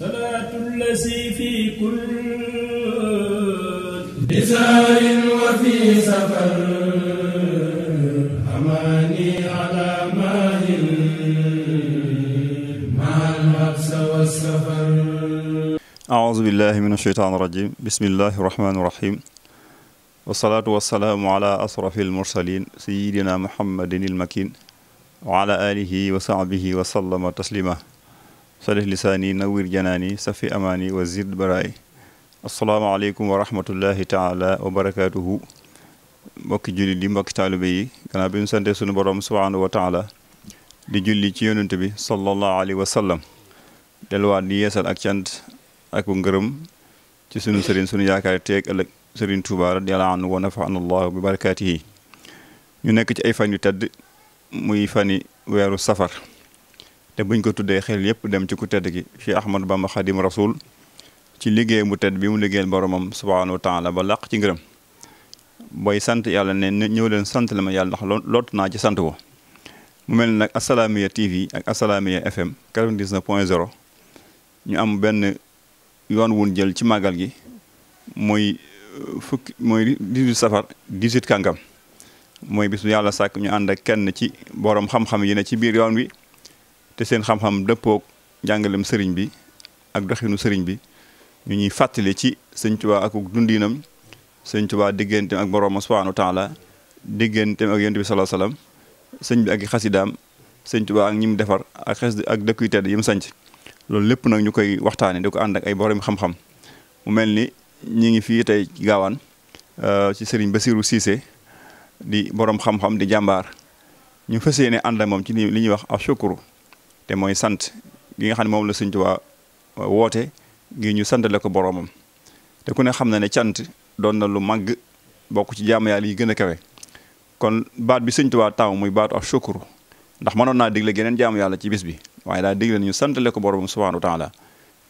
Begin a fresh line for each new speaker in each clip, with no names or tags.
salaatu llazi fi kulli bisaarin
wa fi safar amaani ala maahin maal mabsa wa safar
aouzu billahi min asheytaan rajim bismillahi rahmaani rahim wasalaatu wasalaamu ala asrafi almursalin sayidina muhammadin ilmakin wa ala alihi wa sahbihi wa sallama taslima salih lisaani nawir janaani safi amaani wa zid baraay asalaamaaleykum wa rahmatullahi taala wa barakaatuhu mbokki jullit yi mbokki taalibe yi gannaaw bi ñu sante sunu borom subhaanahu wa di julli ci yonent bi sallallahu alayhi wa sallam delluwaat di ak cant ak ngërëm ci sunu sëriñ sunu yaakaar teeg ëllëg sëriñ Tuuba radiyallaahu anhu wa nafaana allahu bi barakaatihi ñu nekk ci ay fan yu tedd muy fani weeru safar te buñ ko tuddee xel yëpp dem ci ku tedd gi Cheikh Ahmadou Bamba Khadim Rasoul ci liggéey bu tedd bi mu liggéeyal boromam subhaanahu wa taala ba làq ci ngërëm booy sant yàlla ne ñëw leen sant la ma yàlla ndax loot naa ci sant ko mu mel ne nag Assalaamy TV ak Assalaamy FM 99 point 0 ñu am benn yoon wun jël ci màggal gi mooy euh, fukki mooy 18 kàngam mooy bis bu yàlla sàkk ñu ànd ak kenn ci borom xam-xam yi ne ci biir yoon wi te seen xam-xam dëppoog njàngalem sëriñ bi ak doxinu sëriñ bi ñu ñuy fàttali ci sëñ Tuubaa ak dundinam sëñ Tuubaa digganteem ak boroom subhaanahu wa taala ak yonent bi sallallahu alayhi sëñ bi ak i xasidaam sëñ Tuubaa ak ñi mu defar ak xes ak dëkk yu tedd yi mu loolu lépp nag ñu koy waxtaane di ko ànd ak ay borom xam-xam mu mel ni ñi ngi fii tey gaawaan euh, ci sëriñ Basiiru Siise di boroom xam-xam di jàmbaar ñu fas yéene ànd ak moom ci li ñuy wax ashukru te mooy sant gi nga xam ne moom la Sëñ waa woote ngir ñu santale ko boroomam te ku ne xam na ne cant doon na lu màgg bokk ci jaamu yàlla yi gën a kawe kon baat bi Sëñ Tuubaa taw muy baatu ak shukuru ndax mënoon naa digle geneen jaamu yàlla ci bis bi waaye daa digle ñu santale ko boroomam subhaanahu wa taala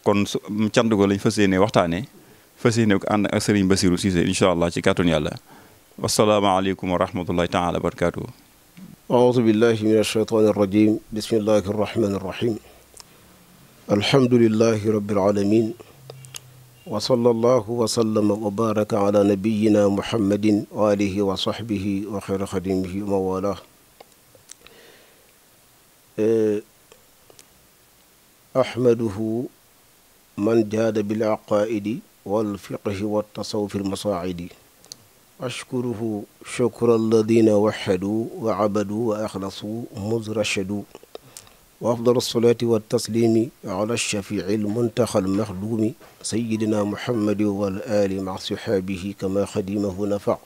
kon cant ko lañ fas yéene waxtaanee fas yéene ko ànd ak Sëriñ Basiru Siise incha allah ci kàttun yàlla wasalaamaaleykum wa rahmatullahi taala wa barakatuhu
أعوذ بالله من الشيطان الرجيم بسم الله الرحمن الرحيم الحمد لله رب العالمين وصلى الله وسلم وبارك على نبينا محمد وآله وصحبه وخير خدمه وموالاه أحمده من جاد بالعقائد والفقه والتصوف المصاعد ashkuruhu shukra alladina waxadu wa abadu wa axlasu muzrashadu wa afdal alsalaati waltaslimi ala alshafii almuntaxa almaxduumi sayidina muhammadi wal ali maa sihaabihi kama xadimahu nafa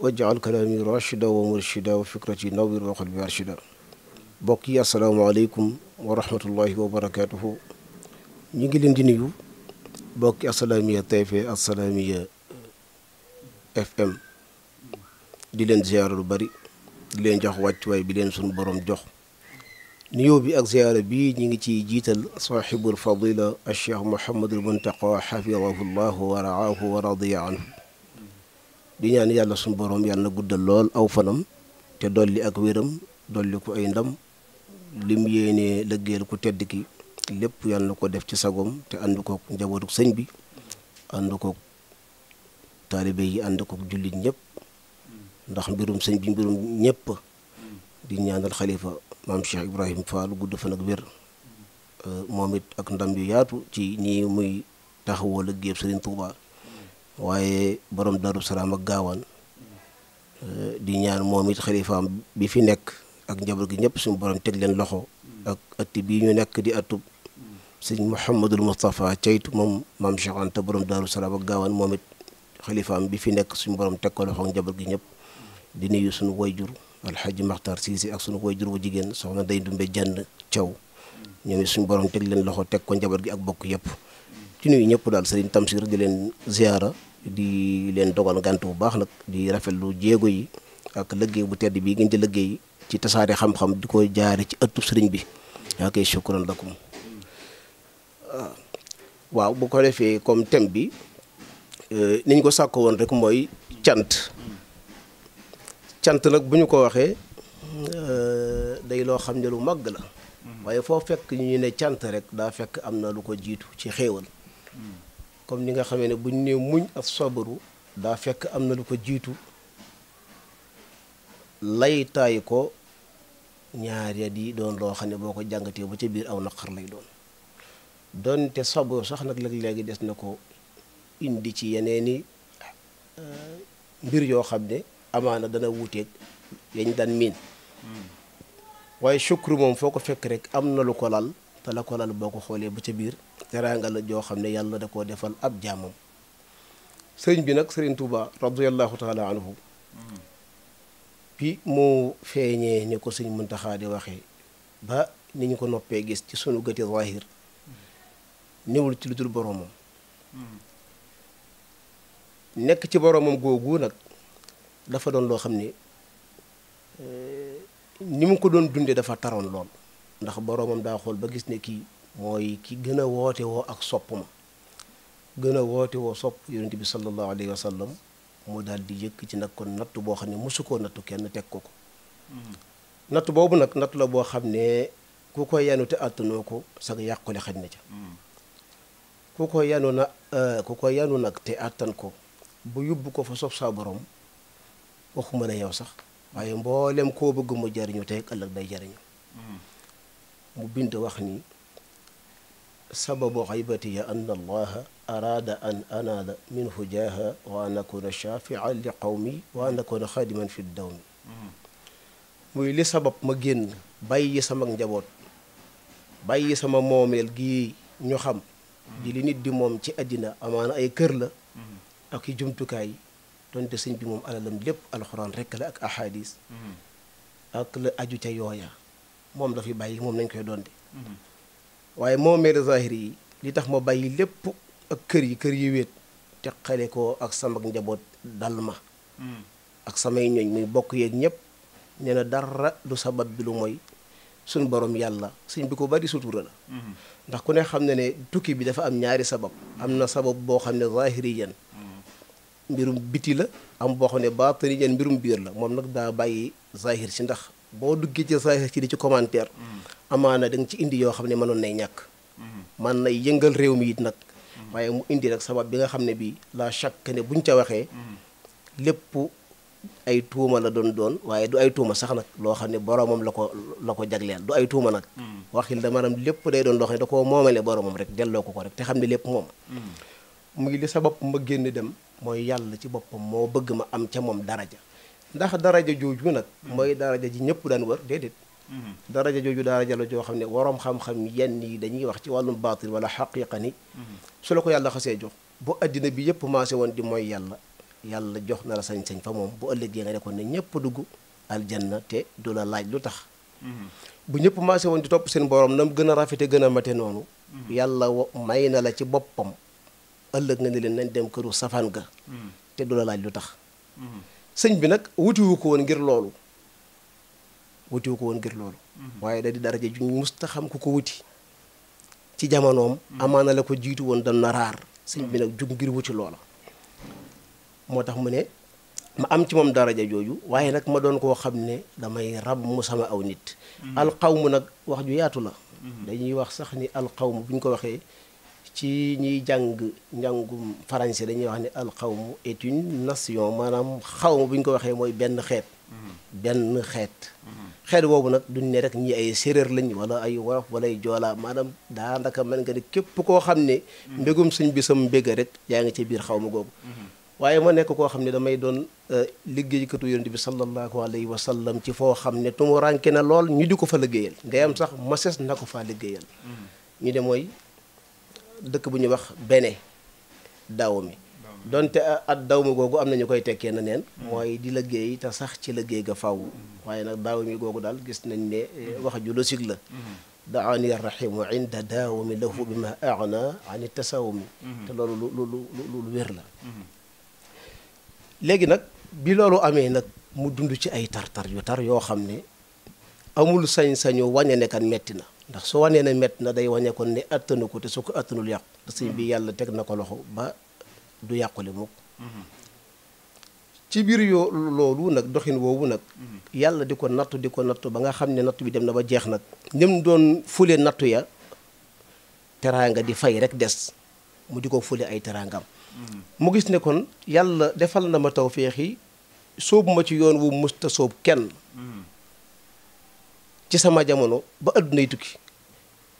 wajcal kalaami rachida wa murshida wa fikrati nawir wa qalbi arshida bokk yi asalaamaaleykum wa rahmatullahi wa barakatuhu ñu ngi leen di nuyu bokki asalaamiya tayfe asalaamiya FM di leen ziyaara lu bari di leen jox wàccuwaay bi leen sunu boroom jox nuyoo bi ak ziyaara bi ñu ngi ciy jiital saaxibul fadila acheikh Mouhamadul Muntaqa xafidahu llahu wa raahu wa radiya anhu di ñaan yàlla sunu boroom yàlla na guddal lool aw fanam te dolli ak wéram dolli ko ay ndam lim yéenee lëggeel ku tedd ki lépp yàlla na ko def ci sagoom te ànd kook njabootu sëñ bi ànd taalibe yi ànd ko jullit ñëpp ndax mbirum sëñ bi mbirum ñëpp di ñaanal xalifa maam Cheikh Ibrahim Fall gudd fan ak wér euh, it ak ndam yu yaatu ci ñi muy taxawoo la géeb Sëriñ Tuuba waaye borom Daaru Salaam ak gaawaan euh, di ñaan moom it xalifaam bi fi nekk ak njaboot gi ñëpp suñu borom teg leen loxo ak atti bii ñu nekk di atub sëñ Mouhamadul Moustapha Ceytu moom maam Cheikh Anta borom Daaru Salaam ak gaawaan moom it xalifaam bi fi nekk suñu borom teg ko loxo njaboot gi ñëpp di nuyu suñu wayjur alxaaji maxtar siisi ak suñu wayjur bu jigéen soxna day dumbe jënd caw ñoom suñu borom teg leen loxo teg ko njaboot gi ak bokk yëpp di nuyu ñëpp daal sëriñ Tamsir di leen ziyaara di leen dogal gant bu baax nag di rafet lu jéego yi ak liggéey bu tedd bii ngeen ci liggéey ci tasaare xam-xam di ko jaare ci ëttu sëriñ bi yaa koy shukran lakum ah, waaw bu ko defee comme thème Euh, ni ñu ko sàkk woon rek mooy cant cant nag bu ñu ko waxee euh, day loo xam ne lu màgg la waaye foo fekk ñu ne cant rek daa fekk am na lu ko jiitu ci xéewal comme ni nga xamee ne bu ñu nee muñ ak sabaru daa fekk am na lu ko jiitu laytaay ko ñaar di doon loo xam ne boo ko jàngatee ba ca biir aw naqar lay doon donte sabaru sax nag léeg-léegi des na ko indi ci yeneeni euh, mbir yoo xam ne amaana dana wuuteeg yañ daan miin waaye chukru moom foo ko fekk rek am na lu ko lal te la ko lal boo ko xoolee ba ca biir teraanga la joo xam ne yàlla da koo defal ab jaamam sëriñ bi nag sëriñ Touba radiyallahu taala anhu bi mu feeñee ni ko sëñ Muntaxa di waxee ba ni ñu ko noppee gis ci sunu gëti zahir néewul ci lu dul boroomam nekk ci boromam googu nag dafa doon loo xam ni eh, ni mu ko doon dundee dafa taroon lool ndax boromam daa xool ba gis ne kii mooy kii gën a woote woo ak sopp ma gën a woote woo sopp yonente bi sallallahu alayhi wa sallam mu daal di yëkk ci nag kon boo xam ne mosu koo kenn teg ko ko mm-hmm. natt boobu nag natt la boo xam ne ku ko yanu te àttanoo ko sag yàqule xaj na ca mm-hmm. ku ko yanu na eh, ku ko yanu nag te àttan ko ba yóbbu ko fa sof saa borom waxuma ne yow sax waaye mboolem koo bëgg mu jariñu tey ëllëg day jariñu hmm. mu bind wax ni sababu xaybatiya an allaha araada an anaala minhu jaaha wa an akuna shafia li qawmi wa an akuna xaadiman fi dawmi hmm. muy li sabab ma génn bàyyi sama njaboot bàyyi sama moomeel gi ñu xam hmm. di li nit di moom ci àddina amaana ay kër la ak i jumtukaay donte sëñ bi moom alalam lépp alxuraan rekk la ak ahadis mhm. ak la aju ca yooya moom la fi bàyyi moom nañ koy donte mhm. waaye moom meere zahiri yi li tax ma bàyyi lépp ak kër yi kër yi wéet teqale ko ak sama njaboot dal ma mhm. ak samay ñooñ muy bokk yeeg ñëpp nee na dara du sabab bi lu mooy suñ borom yàlla sëñ bi ko bari sutura la ndax ku ne xam ne tukki bi dafa am ñaari sabab am na sabab boo xam ne zahiriyan mbirum biti la am boo xam ne ba tëri ñeen mbirum biir la moom nag daa bàyyi zahir ci ndax boo duggee ci zahir ci di ci commentaire mm. amaana da nga ci indi yoo xam ne mënoon nay ñàkk mm-hmm. man nay yëngal réew mi it nag mm-hmm. waaye mu indi nag sabab bi nga xam ne bi la chaque ne buñ ca waxee mm-hmm. lépp ay tuuma la doon doon waaye du ay tuuma sax nag loo xam ne boromam la ko la ko jagleel du ay tuuma nag mm. waxil da maanaam lépp day doon loo xam ne da moomale boromam muy li sabab ma génn dem mooy yàlla ci boppam moo bëgg ma am ca moom daraja ndax daraja jooju nag mooy daraja ji ñëpp daan wër déedéet mhm. daraja jooju daraja la joo xam ne waroom xam-xam yenn yi dañuy wax ci wàllum baatil wala xaqiqa ni mhm. su la ko yàlla xasee jox bu addina bi yëpp maase woon di mooy yàlla yàlla jox na la sañ-sañ fa moom bu ëllëgee nga ne ko ne ñëpp dugg na te du la laaj lu tax mhm. bu ñëpp maase woon di topp seen borom nam gën a rafete gën a mate noonu yàlla may na la ci boppam ëllëg nga ne leen nañ dem këru safaan ga hmm. te du la laaj lu tax hmm. sëñ bi nag wutiwu ko woon ngir loolu wutiwu ko woon ngir loolu hmm. waaye da di daraja ju musta ku ko wuti ci jamonoom amaana la ko jiitu woon dan na raar sëñ bi nag jug ngir wuti loola moo tax mu ne ma am ci moom daraja jooju waaye nag ma doon koo xam ne damay rab mu sama aw nit alxawmu nag wax ju yaatu la dañuy wax sax ni alxawmu bu ñu ko waxee ci ñiy jàng njàngum français dañuy wax ne alxawmu est une nation maanaam xawma bu ñu ko waxee mooy benn xeet benn xeet xeet boobu nag duñ ne rek ñi ay séréer lañ wala ay wolof wala ay joolaa maanaam daanaka mën nga ne képp koo xam ne mm-hmm. mbégum suñ bisam mbéga rek yaa ngi ci biir xawma googu mm-hmm. waaye ma nekk koo xam ne damay doon liggéey euh, liggéeykatu yonent bi sallallahu alayhi wa sallam ci foo xam ne tumuranke na lool ñu di ko fa liggéeyal ngay am sax ma na faa liggéeyal mm-hmm. dëkk bu ñuy wax bene daaw mi donte at daaw mi googu am na ñu koy tekkee na nen mooy di liggéey te sax ci liggéey ga faw waaye nag daaw mi googu daal gis nañ ne euh, wax ju logique la mm-hmm. daani rahimu inda daawami lahu bi ma aana ani tasawumi mm-hmm. te loolu lu lu lu lu wér la mm-hmm. léegi nag bi loolu amee nag mu dund ci ay tar-tar yu tar yoo xam ne amul sañ-sañu wàññe ne kan metti na ndax soo wanee na mett na day wane kon ne attanu ko te su ko attanul yàqu sëñ mm-hmm. bi yàlla teg na ko loxo ba du yàqule mukk mm-hmm. ci biir yoo loolu nag doxin woowu nag mm-hmm. yàlla di ko nattu di ko nattu ba nga xam ne nattu bi dem na ba jeex nag ñëm doon fule nattu ya teraanga di fay rek des mu di ko fule ay teraangam mu gis ne yàlla defal na ma tawféex yi sóobu ma ci yoon wu musta sóob kenn ci sama jamono ba addunay tukki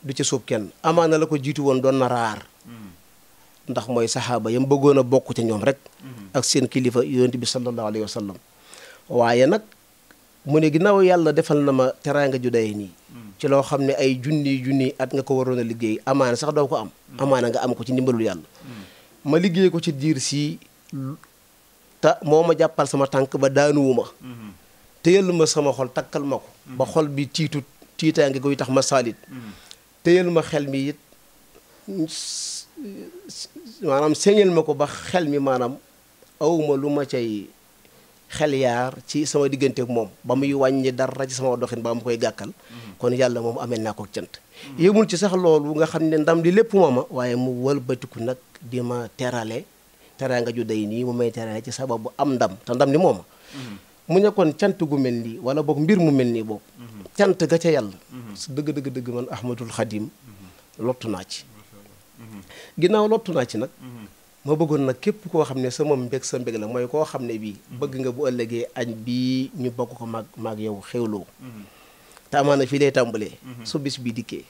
du ci sóob kenn amaana la ko jiitu woon doon na raar
mm-hmm.
ndax mooy saxaaba yam bëggoon a bokk ca ñoom rek mm-hmm. ak seen kilifa yonent bi sallallahu alayhi wa sallam waaye nag mu ne ginnaaw yàlla defal na ma teraanga ju day nii mm-hmm. ci loo xam ne ay junni junni at nga ko waroon a liggéey amaana sax doo ko am amaana nga am ko ci ndimbalul yàlla ma liggéey ko ci diir si te moo ma jàppal sama tànk ba daanuwuma téyal ma sama xol takkal ma ko ba xol bi tiitu tiitaange guy tax ma saalit téyal ma xel mi it maanaam séñal ma ko ba xel mi maanaam awma lu ma cay xel yaar ci sama diggante moom ba muy wàññi dara ci sama doxin ba mu koy gàkkal kon yàlla moom amee naa ko cant yëmul ci sax loolu nga xam ne ndam li lépp mooma waaye mu walbatiku nag di ma terale teraanga ju day nii mu may terale ci sababu am ndam te ndam li mooma mu nekkoon cant gu mel nii wala boog mbir mu mel nii boobu. cant ga ca yàlla. Mhm. su dëgg dëgg dëgg man Ahmadul Xadim mhm. lottu naa ci. Mhm. ginnaaw lottu naa ci nag. ma bëggoon nag képp koo xam ne sama mbég sa mbég la mooy koo xam ne bii. bëgg nga bu ëllëgee añ bii ñu bokk ko maag maag yow xewloo. te amaana fii lay tàmbalee. su bis bi dikkee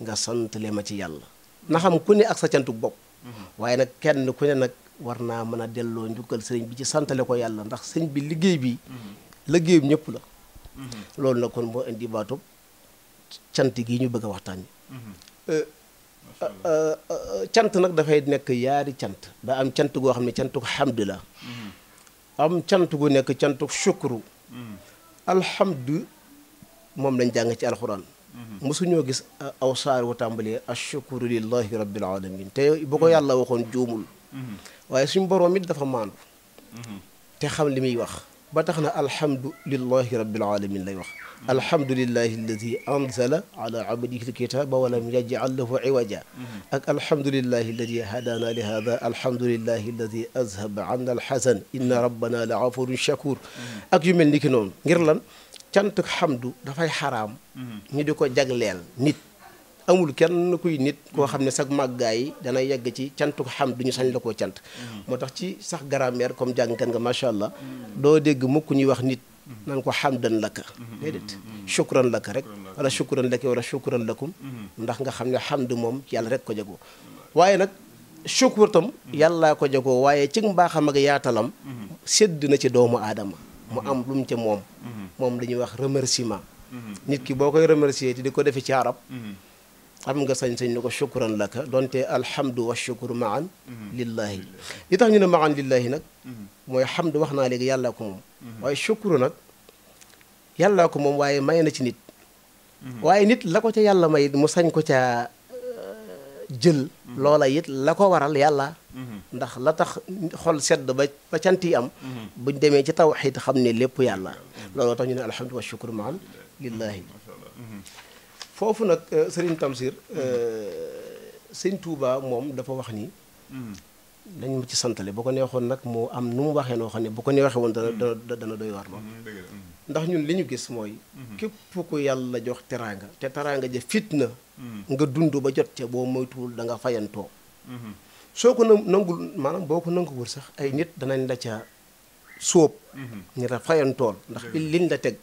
nga sant ma ci yàlla. na xam ku ne ak sa cantuk bopp. waaye nag kenn ku ne nag. war naa mën a delloo njukkal sëriñ bi ci santale ko yàlla ndax sëriñ bi liggéey bi liggéeyum ñëpp la loolu nag kon moo indi baatub cant gi ñu bëgg a waxtaan mm-hmm. euh, euh, euh, cant nag dafay nekk yaari cant da am cant goo xam ne cantuk xamdu la
mm-hmm.
am gu nekk cantuk shukru mm-hmm. alhamdu moom lañ jàng ci alxuraan mosuñoo gis aw saar wu tàmbalee ashukuru lillahi alamin te bu ko yàlla waxoon juumul waaye suñu borom it dafa maandu. te xam li muy wax. ba tax na alhamdulillahi rabbil alamin lay wax. alhamdulillahi alladi anzala ala abdihi alkitaba walam yaj'al lahu iwaja ak alhamdulillahi alladi hadana li hada alhamdulillahi alladi azhaba anna alxasan inna rabbana la gafurun shakur ak yu mel ni ki noonu ngir lan cantuk xamdu dafay xaraam ñu di ko jagleel nit amul kenn kuy nit koo xam ne sag sax yi dana yegg ci cant ko xam ñu sañ la ko cant mm-hmm. moo tax ci sax grammaire comme jàngkan nga macha allah doo dégg mukk ñuy wax nit mm-hmm. nan ko xamdan laka mm-hmm. déedéet shukran laka rek wala shukran laka wala shukran lakum ndax nga xam ne xamd moom yàlla rek ko jagoo waaye nag shukur tam yàllaa ko jagoo waaye ci mbaaxam ak yaatalam sédd na ci doomu aadama mu am lum ca moom moom la wax remerciement nit ki boo koy remercier te ko defee ci arab am nga sañ-sañ ni ko shukran laka donte alhamdu wa shukru maan mhm. lillahi li ñu ne ma maan lillahi nag mhm. mooy hamdu wax naa léegi yàllaa ko moom mhm. waaye shukru nag yàllaa ko moom waaye may na ci nit waaye nit la ko ca yàlla may mu sañ ko ca euh, jël loola it la ko waral yàlla ndax la tax xol sedd ba ba yi am buñ demee ci taw tawxiid xam ne lépp yàlla looloo tax ñu ne alhamdu wa shukru maan lillahi foofu nag euh, sëriñ Tamsir euh, sëñ Touba moom dafa wax ni. dañu hmm. ci santale boo ko neexoon nag moo am nu mu waxee noo xam ne boo ko neexee woon hmm. dana dana dana doy waar hmm, lool. ndax ñun li ñu gis mooy. képp ku yàlla jox teraanga te teraanga ja na nga dund ba jot ca boo moytuwul danga nga fayantoo. soo ko nangul maanaam boo ko nanguwul sax ay nit danañ la ca sóob. ñu la fayantool ndax liñ la teg.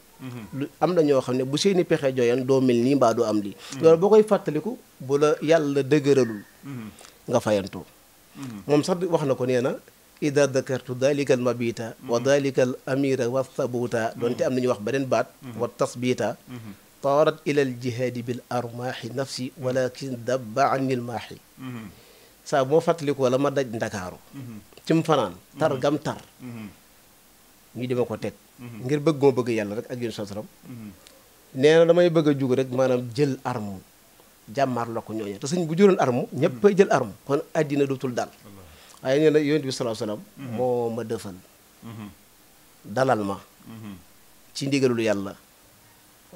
am na ñoo xam ne bu seeni pexe joyan doo mel nii mbaa doo am lii mm-hmm. loolu boo koy fàttaliku bu la yàlla dëgëralul mm-hmm. nga fayantu mm-hmm. moom sax wax na ko nee na ida dakartu dalika al mabita wa dalika al wa sabuta doonte am nañu wax beneen baat wa tasbita taarat ila al jihaadi bil armaahi nafsi walakin dabba anni al maahi saa bu ma fàttaliku wala ma daj ndakaaru ci mu fanaan tar gam tar ñu dima ko teg mhm. ngir bëgg goo bëgg yàlla rek ak yéen sosaram mhm. nee na damay bëgg a jug rek maanaam jël arme jàmmaar la ko ñooñu te sëñ bu jëloon arme ñëpp ay mhm. jël arme kon àddina dootul daal waaye nee na yonent bi sallallahu moo ma dëfal dalal ma ci ndigalul yàlla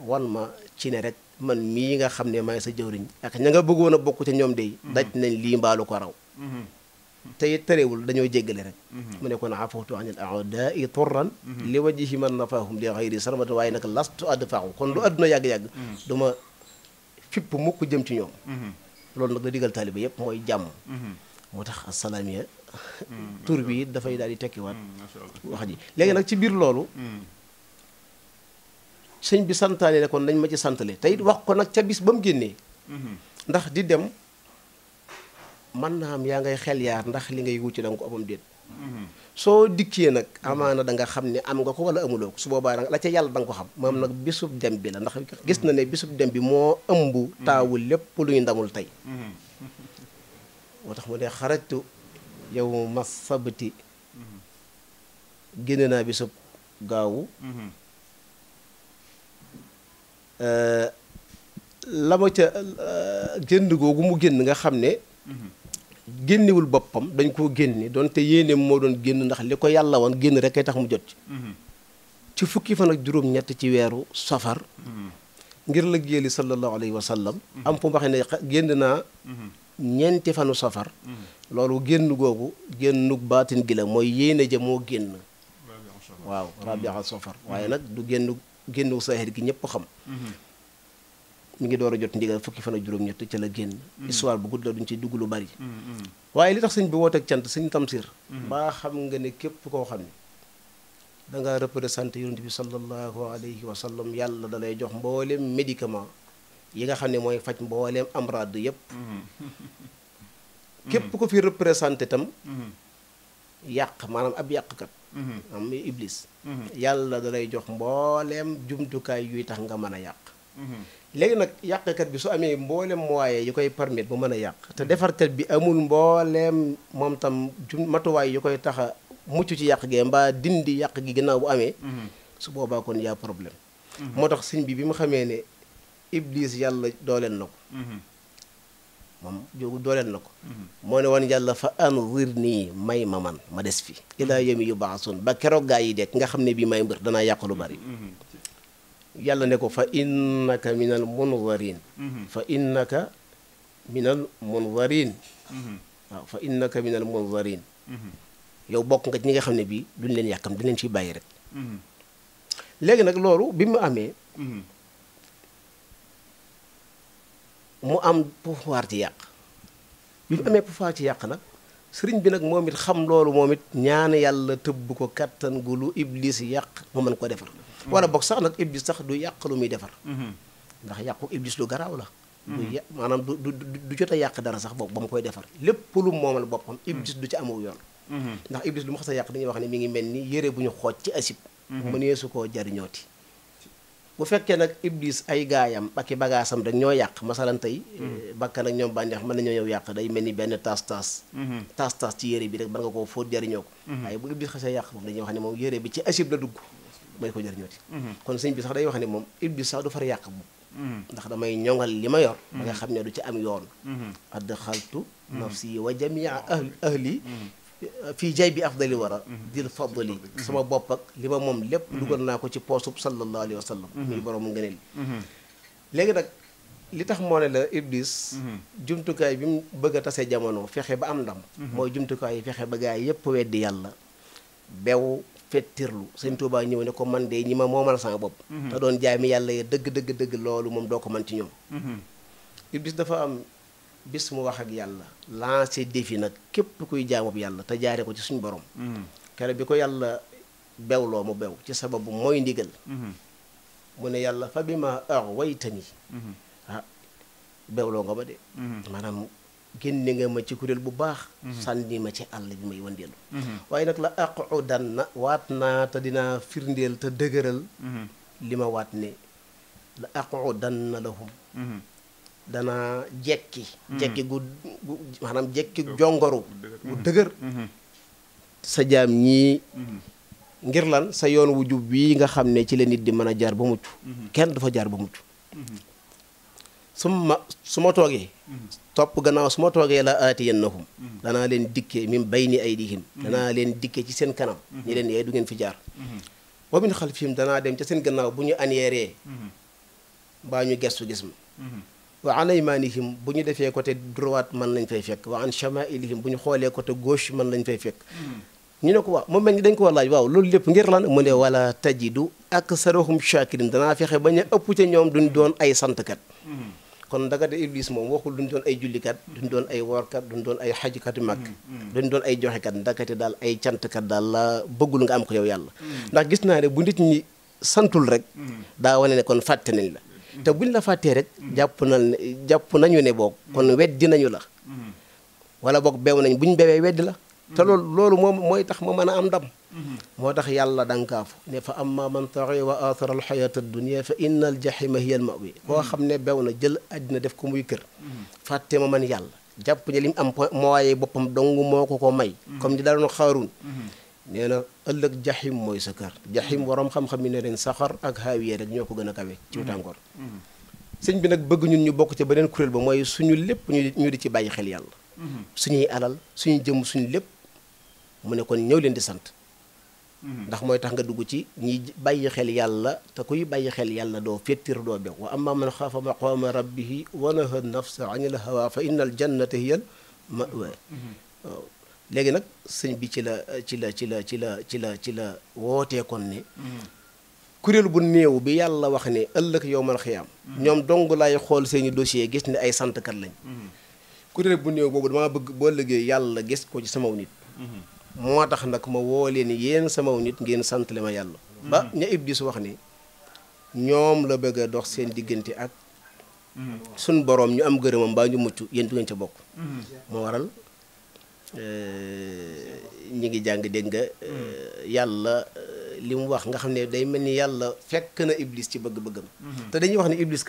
wan ma ci ne rek man mii nga xam ne maay sa jëwriñ ak ña nga bëggoon a bokk ca ñoom de daj nañ lii mbaalu ko raw te it terewul dañoo jéggale rek mhm. mu ne kon afawtu anil aadai turran li wajhi man nafaahum li xayri sarmata waaye na lastu adfaahu kon lu adduna yàgg-yàgg mhm. duma fipp mukk jëm ci ñoom mhm. loolu nag la digal taaliba yëpp mooy jàmm moo tax asalaamiya tur bi dafay daal di tekkiwaat wax ji léegi nag ci biir loolu sëñ bi santaane ne kon dañ ma ci santale tey it wax ko nag ca bis ba mu génnee ndax di dem man na am yaa ngay xel yaar ndax li ngay wuti da nga ko amam déet mhm. soo dikkee nag amaana da nga xam ne am nga ko wala amuloo ko su boobaa la ca yàlla da ko xam moom nag bisub dem bi la ndax gis na ne bisub dem bi moo ëmb taawul mhm. lépp luy ndamul tey
mhm.
tax mu ne xarajtu yow ma sabti génne naa bisub gaawu euh, la ma ca euh, génn googu mu génn nga xam ne génnewul boppam dañ koo génne te yéeneem moo doon génn ndax li ko yàlla woon génn rek ay tax mu jot mhm. ci. fukki fan ak juróom-ñett ci weeru safar. Mhm. ngir la géeli sallallahu alayhi wa sallam. Mhm. am fu mu waxee génn naa. ñeenti fanu safar. loolu génn googu génnug baatin gi la mooy yéene ja moo génn. waaw rabi'a safar waaye nag du génn génnu saahir gi ñëpp xam. mi ngi door a jot ndigal fukki fana ak juróom-ñett ca la génn. Mm. histoire bu gudd la duñ ci dugg lu bari. Mm, mm. waaye li tax sëñ bi wooteeg cant sëñ Tamsir. ba xam nga ne képp koo xam ne da ngaa représenté yonent bi sallallahu alayhi wa sallam yàlla da lay jox mboolem médicament yi nga xam ne mooy faj mboolem amrad yépp ko fi représenté tam. yàq maanaam ab yàqkat. am iblis. yàlla da lay jox mbooleem jumtukaay yuy tax nga mën a yàq. léegi nag yàqkat bi su amee mbooleem moyens yu koy permettre bu mën a yàq te defarkat bi amul mbooleem moom tam jum matuwaay yu koy tax a mucc ci yàq gee mbaa dindi yàq gi ginnaaw bu amee mhm. su boobaa kon yaa problème mhm. moo tax sëñ bi bi mu xamee ne iblis yàlla dooleen na ko mhm. moom jógu dooleen na ko moo ne woon yàlla fa anzir nii may ma man ma des fi ilaa yawmi yub'asun ba keroog gaa yi dekk nga xam ne bii may mbër danaa yàq lu bari yàlla ne ko fa innaka minal munzarin mhm. fa innaka minal munzarin mhm. waaw fa innaka minal munzarin mhm. yow bokk nga ñi nga xam ne bii duñ leen yàkkam duñ leen ciy bàyyi rek léegi nag loolu bi mu amee mu am pouvoir ci yàq bi mu amee pouvoir ci yàq nag sëriñ bi nag moom it xam loolu moom it ñaan yàlla tëbb ko kattan gu lu iblis yàq mu mën ko defar mm-hmm. wala boog sax nag iblis sax du yàq lu muy defar mm-hmm. ndax yàqu iblis lu garaaw la
mm-hmm. du
maanaam du du jot a yàq dara sax boobu ba mu koy defar lépp lu moomal boppam iblis du ci amu yoon ndax iblis lu ma yàq dañuy wax ne mi ngi mel ni yére bu ñu xooj ci asib mëneesu koo jariñooti bu fekkee nag iblis ay gaayam ba i bagaasam dañ ñoo yàq masalan tey mm. eh, bakkan ak ñoom bànneex mën nañoo ñëw yàq day mel ni benn taas mm-hmm. taas taas taas ci yére bi rek mën nga koo fóot jariñoo ko mm-hmm. waaye bu iblis xasee yàq moom dañuy wax ne moom yére bi ci asib la dugg mooy ko jariñooti mm-hmm. kon sëñ bi sax day wax ne moom iblis sax du far yàq bu ndax damay ñongal li ma yor ba nga xam ne du ci am yoon adxaltu nafsi wa jamia ahli fii jay bi afdali wara dil fadli sama bopp ak li ma moom lépp dugal naa ko ci poosub sallallahu alayhi wa sallam muy borom ngëneel léegi nag li tax moo ne la iblis jumtukaay bi mu bëgg a tase jamono fexe ba am ndam mooy jumtukaay yi fexe ba gaa yépp weddi yàlla bew fettirlu sëñ Tuubaa ñëw ne ko man de ñi ma moomal sama bopp te doon jaami yàlla ya dëgg dëgg dëgg loolu moom doo ko man ci ñoom mhm. iblis dafa am bis mu wax ak yàlla lancé défi nag képp kuy jaamub yàlla te jaare ko ci suñu borom mm-hmm. kere bi ko yàlla bewloo mu bew ci sababu mooy ndigal mm-hmm. mu ne yàlla fa bi ma aghwaytani mm-hmm. ah bewloo nga ma de maanaam génne nga ma ci kuréel bu baax sànni ma ci àll bi may wëndeelu waaye nag la aqudan na waat naa te dinaa firndeel te dëgëral li ma waat ne la aqudan na lahum dana jekki hmm. jekki gu maanaam jekki jongoru gu dëgër hmm. Hmm. sa jaam ñii ngir lan sa yoon wu jub bii nga xam ne ci la nit di mën a jaar ba mucc kenn dafa jaar ba mucc su ma su ma toogee topp gannaaw su ma toogee la na aatiyannahum danaa leen dikkee bay ni ay bayni aydihim danaa leen dikkee ci seen kanam ñi leen yaay du ngeen fi jaar wa min xalfihim danaa dem ca seen gannaaw bu ñu aneeree mbaa ñu gestu gis ma wa an aymanihim bu ñu defee côté droite man lañ fay fekk wa an chamailihim bu ñu xoolee côté gauche man lañ fay fekk hmm. ñu ne ko waaw mu mel ni dañ ko war laaj waaw loolu lépp ngir lan mu ne wala tajidu aksarahum shakirin danaa fexe bañ a ëpp ca ñoom duñ doon ay santkat hmm. kon daga de iblis moom waxul duñ doon ay jullikat duñ doon ay woorkat duñ doon ay xajkati mag hmm, duñ doon ay kat ndakate daal ay cantkat daal la bëggul nga am ko yow yàlla ndax gis naa ne bu nit ñi santul rek daa wane ne kon fàtte nañ la te buñ la fàttee rek jàpp nañ jàpp nañu ne boog kon weddi nañu la wala boog beew nañ buñ bewee weddi la te loolu loolu mooy tax ma man a am ndam moo tax yàlla dankaafu ne fa amma man taxe wa athara alxayata dunia fa inna aljahima hiya almawi koo xam ne bew na jël àddina def ko muy kër fàtte ma man yàlla jàpp ne li mu am mooyee boppam dong moo ko ko may comme di daloon xaaruun nee na ëllëg jaxim mooy sa kër jaxim waroom xam-xam yi ne ren saxar ak haawiye rek ñoo ko gën a kawe ci tàngoor sëñ bi nag bëgg ñun ñu bokk ci beneen kuréel ba mooy suñu lépp ñu di ci bàyyi xel yàlla su ñuy alal suñu jëm suñu lépp mu ne kon ñëw leen di sant ndax mooy tax nga dugg ci ñi bàyyi xel yàlla te kuy bàyyi xel yàlla doo féttir doo bew wa amma man xaafa maqama rabbihi wa naha nafsa anil hawa fa innal jannata hiya al mawa
waaw
léegi nag sëñ bi ci la ci la ci la ci la ci la ci la wootee kon ni kuréel bu néew bi yàlla wax ne ëllëg yowmal xiyaam mm-hmm. ñoom dong laay xool seeni dossier gis ne ay santkat lañ mm-hmm. kuréel bu néew boobu damaa bëgg boo liggéey yàlla gis ko ci samaw nit
mm-hmm.
moo tax nag ma woo leen yéen samaw nit ngeen santale ma yàlla ba ña iblis wax ne ñoom la bëgg a dox seen diggante ak suñ boroom ñu am gërëmam mbaa ñu mucc yéen du ngeen ca bokk moo waral Euh, ñu ngi jàng dégg nga. Euh, hmm. yàlla euh, li mu wax nga xam ne day mel ni yàlla fekk na iblis ci bëgg-bëggam. Hmm. te dañuy wax ne iblis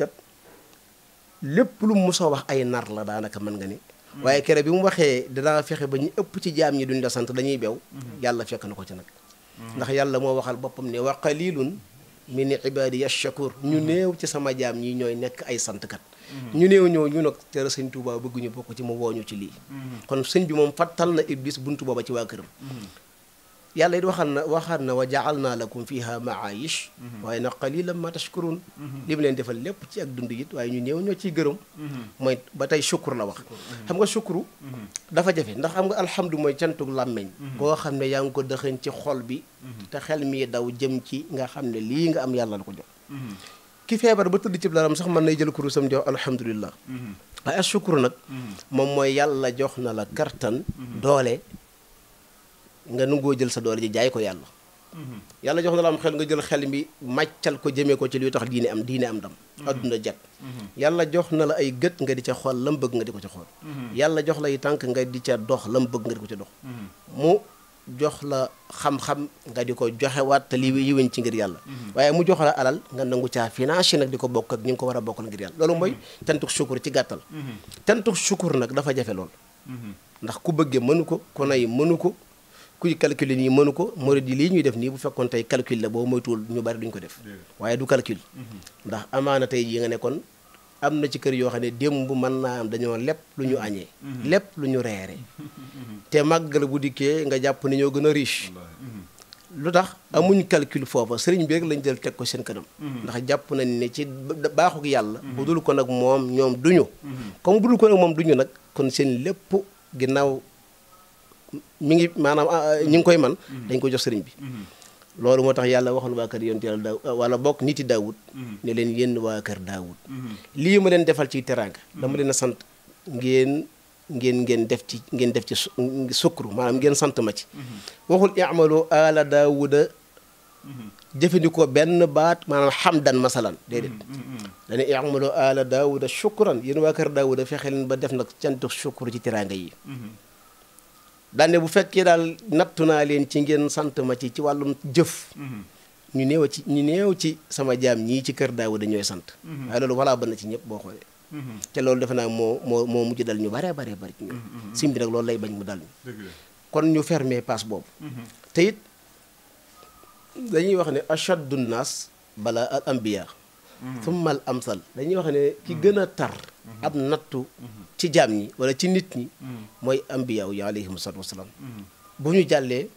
lépp lu mu mosoo wax ay nar la daanaka mën nga ni. Hmm. waaye kere bi mu waxee danaa fexe ba ñu ëpp ci jaam ñi duñ la sant dañuy bew. yàlla fekk na ko ci nag. ndax yàlla moo waxal boppam ne wa qalilun min ibadiya shakur ñu néew ci sama jaam ñi ñooy nekk ay santkat. ñu néew ñëw ñu nag teel sëñ Touba bëgguñu bokk ci mu wooñu ci lii kon sëñ bi moom fattal na iblis buntu booba ci waa këram yàlla it waxal na waxaat na wa jaal naa lakum fiha maayish waaye nag qalilan ma tashkurun li leen defal lépp ci ak dund it waaye ñu new ñoo ciy gërëm mooy ba tey sukkur la wax xam nga sukkuru dafa jafe ndax xam nga alhamdu mooy cantug làmmeñ koo xam ne yaa ngi ko dëxañ ci xol bi te xel mi daw jëm ci nga xam ne lii nga am yàlla la ko jox ki feebar ba tëdd ci laram sax mën nay jël kurusam jox alhamdulilah. Mm-hmm. waaye asukuru nag.
Mm-hmm.
moom mooy yàlla jox na la kartan. Mm-hmm. doole nga nungoo jël sa doole ji jaay ko yàlla. yàlla jox na la am xel nga jël xel mi màccal ko jëmee ko ci luy tax diine am diine am ndam. adduna jag. yàlla jox na la ay gët nga di ca xool lam bëgg nga di ko ca xool. yàlla jox la ay tànk nga di ca dox lam bëgg nga di ko ca dox. jox la xam-xam nga di ko joxewaat te li yiwén ci ngir yàlla waaye mu jox la alal nga nangu caa financé nag di ko bokk ak ñi nga ko war a bokkal ngir yàlla loolu mooy tentuk sukkur ci gàttal tentuk sukkur nag dafa jafe lool ndax ku bëggee mënu ko ku nay mënu ko kuy calculer nii mënu ko murid lii ñuy def nii bu fekkoon tey calcul la boobu moytuwul ñu bari duñ ko def waaye du calcul ndax amaana tey jii nga ne am na ci kër yoo xam ne démb mën naa am dañoo lépp lu ñu añee mhm. lépp lu ñu reere mhm. te la bu dikkee nga jàpp ni ñoo gën a riche mhm. lu tax amuñ calcul foofa sëriñ bi rek lañ jël teg ko seen kënam ndax jàpp nañ ne ci baaxuk yàlla bu ko nag moom ñoom duñu comme bu ko nag moom ñu nag kon seen lépp ginnaaw mu ngi maanaam ah, ñi ngi koy man dañ ko jox sëriñ bi loolu moo tax yàlla waxul waa kër yontu yàlla daaw euh, wala bokk niti daawut mhm. ne leen yénn waa kër daawut mhm. lii ma leen defal ci teraanga mhm. dama leen a sant ngeen ngeen ngeen def ci ngeen def ci sukkuru ngeen sant ma ci waxul i'malu ala daawuda jëfandikoo benn baat xam maanaam xamdan masalan déedéet dana i'malu ala daawuda shukran yéen waa kër daawuda fexe leen ba def nag cantu sukkur ci teraanga yi daane bu fekkee daal nattu naa leen ci ngeen sant ma ci ci wàllum jëf mhm. ñu néew ci ñu néew ci sama jaam ñii ci kër daawu dañooy sant mhm. waaye loolu walaa ba na ci ñëpp boo xoolee mhm. te loolu defe naa moo moo moo mujj dal ñu baree baree bari ci ñun sim nag loolu lay bañ mu dal ñu kon ñu fermer passe boobu te dañuy wax ne achaddu naas bala al ambiya summal amsal dañuy wax ne ki gën a tar ab nattu ci jaam yi wala ci nit ñi mooy ambiyaaw yi alayhim salaatu wasalaam bu ñu jàllee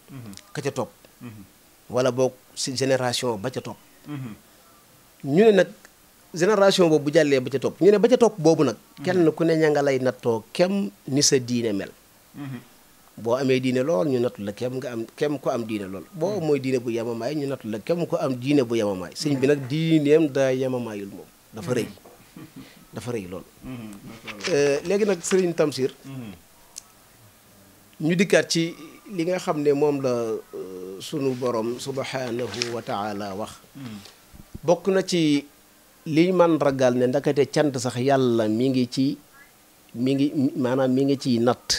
ka ca topp wala boog si génération ba ca topp ñu ne nag génération boobu bu jàllee ba ca topp ñu ne ba ca topp boobu nag kenn ku ne ña nga lay nattoo kem ni sa diine mel boo amee diine lool ñu nattu la kem nga am kem ko am diine lool boo hmm. mooy diine bu yemamaay ñu nattu la kem ko am diine bu yemamaay sëñ bi nag diineem daa yemamaayul moom dafa rëy hmm. dafa rëy lool hmm. Euh, léegi nag sëriñ Tamsir ñu dikkaat ci li nga xam ne moom la euh, sunu borom subhanahu wa taala wax bokk na ci liy man ragal ne ndakate cant sax yàlla mi ngi ci mi ngi maanaam mi ngi ci natt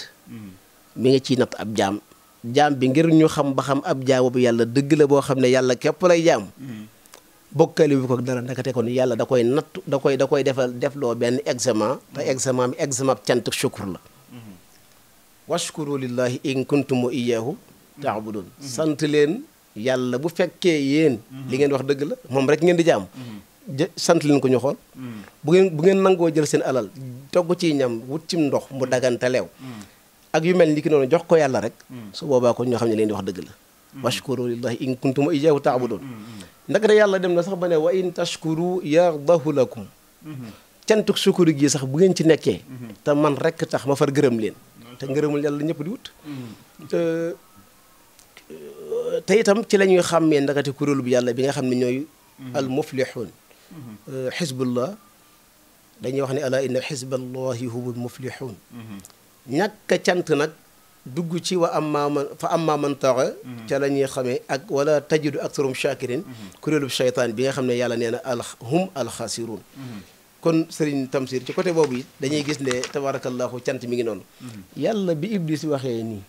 mi ngi ci natt ab jaam jaam bi ngir ñu xam ba xam ab jaamu bu yàlla dëgg la boo xam ne yàlla képp lay jaam hmm. bokkali bi ko dara ndakate yàlla da koy natt da koy da koy defal defloo benn examen te hmm. examen mi examen cant shukur la hmm. washkuru lillahi in kuntum iyyahu taabudun sant leen yàlla bu fekkee yéen li ngeen wax dëgg la moom rek ngeen di jaam sant leen ko ñu xool bu ngeen bu ngeen nangoo jël seen alal togg ci ñam wut cim ndox mu dagante leew ak yu mel ni ki noonu jox ko yàlla rek mm. su boobaa kon ñoo xam ne leen di wax dëgg la mm. washkuru lillahi in kuntum iyyahu ta'budun mm, ndax da yàlla dem na sax ba ne wa in tashkuru yardahu lakum mm-hmm. cantuk sukuru gi sax bu ngeen ci nekkee mm-hmm. te man rek tax ma far gërëm leen mm-hmm. te ngërëmul yàlla ñëpp di wut te te ci la ñuy xàmmee ndakati kuréelu bi yàlla bi nga xam ne ñooy al muflihun xisbullah euh, dañuy wax ne ala inna xisballahi humul muflihun ñàkk a cant nag dugg ci wa amma man fa amma man taxa mm-hmm. ca la ñuy ak wala tajidu aktarum shakirin mm-hmm. kuréelub shaytaan bi nga xam ne yàlla nee na al hum alxaasiruun mm-hmm. kon Serigne Tamsir ci côté boobu it dañuy gis ne tabarakallahu cant mi ngi noonu yàlla bi iblis waxee nii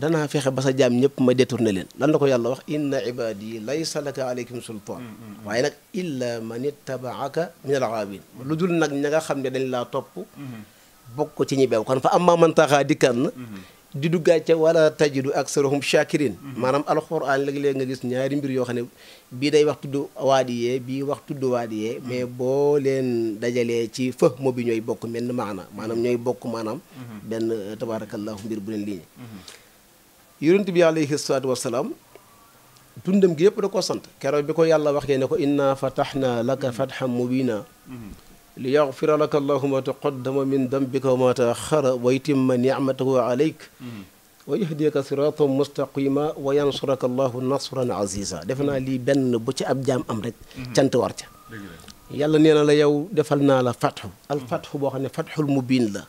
danaa fexe ba sa jaam ñëpp ma ne leen lan la ko yàlla wax inna ibadi laysa laka aleykum sultaan waaye nag illa man ittabaaka min al aabin lu dul nag ña nga xam ne dañ laa topp bokk ci ñi bew kon fa amma man taxaa dikkaan na di du gàcce wala tajidu aksarahum shakirin maanaam alxuraan léeg-léeg nga gis ñaari mbir yoo xam ne bii day wax tudd waadiyee bii wax tudd waadiyee mais boo leen dajalee ci fëx mo bi ñooy bokk menn maana maanaam ñooy bokk maanaam benn tabarakallahu mbir bu leen liiñe yonent bi alayhi salaatu wasalaam dundam gi yëpp da ko sant keroog bi ko yàlla waxee ne ko inna fatahna laka fathan mubina li yaxfira laka allahu ma taqaddama min dambika wa ma taaxara wa yutimma nicmatahu alayk wa yahdiyaka siratan mustaqima wa yansuraka allahu nasran aziza defe naa lii benn bu ci ab jaam am rek cant war ca yàlla nee na la yow defal naa la fatxu al fatxu boo xam ne fatxul mubiin la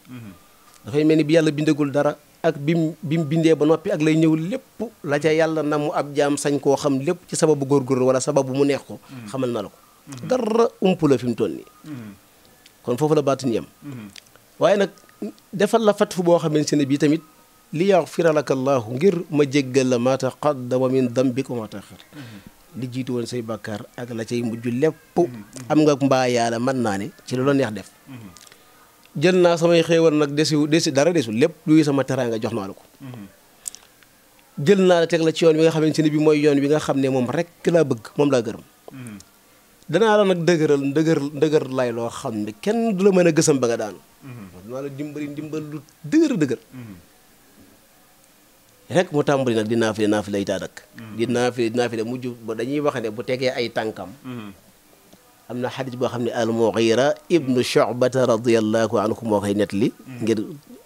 dafay mel ni bi yàlla bindagul dara ak bim bim bindee ba noppi ak lay ñëw lépp la ca yàlla na mu ab jaam sañ koo xam lépp ci sababu góorgóorlu wala sababu mu neex ko xamal na la ko dara ump la fi mu toll nii kon foofu la baatin yem waaye nag defal la fatfu boo xamante ne bii tamit li yaxfira laka llaahu ngir ma jéggal la maa taqaddama min dambik wa maa taaxar li jiitu woon say bàkkaar ak la cay mujj lépp am nga mbaa yàlla mën naa ne ci lu la neex def jël naa samay xéewal nag desu desi dara desul lépp luy sama teraanga jox naa la ko jël naa la teg la ci yoon bi nga xamante ne bi mooy yoon wi nga xam ne moom rekk laa bëgg moom laa gërëm danaa la nag dëgëral dëgër dëgër lay loo xam ne kenn du la mën a gësam ba nga daanu. Mhm. danaa la dimbali dimbal lu dëgër dëgër. Mhm. rek mu tàmbali nag dinaa fi dinaa fi lay taadak. Mhm. dinaa fi dinaa fi de dañuy wax ne bu tegee ay tànkam. am na xadis boo xam ne al Mughira ibnu Shu'bata radiyallahu anhu moo koy nettali. ngir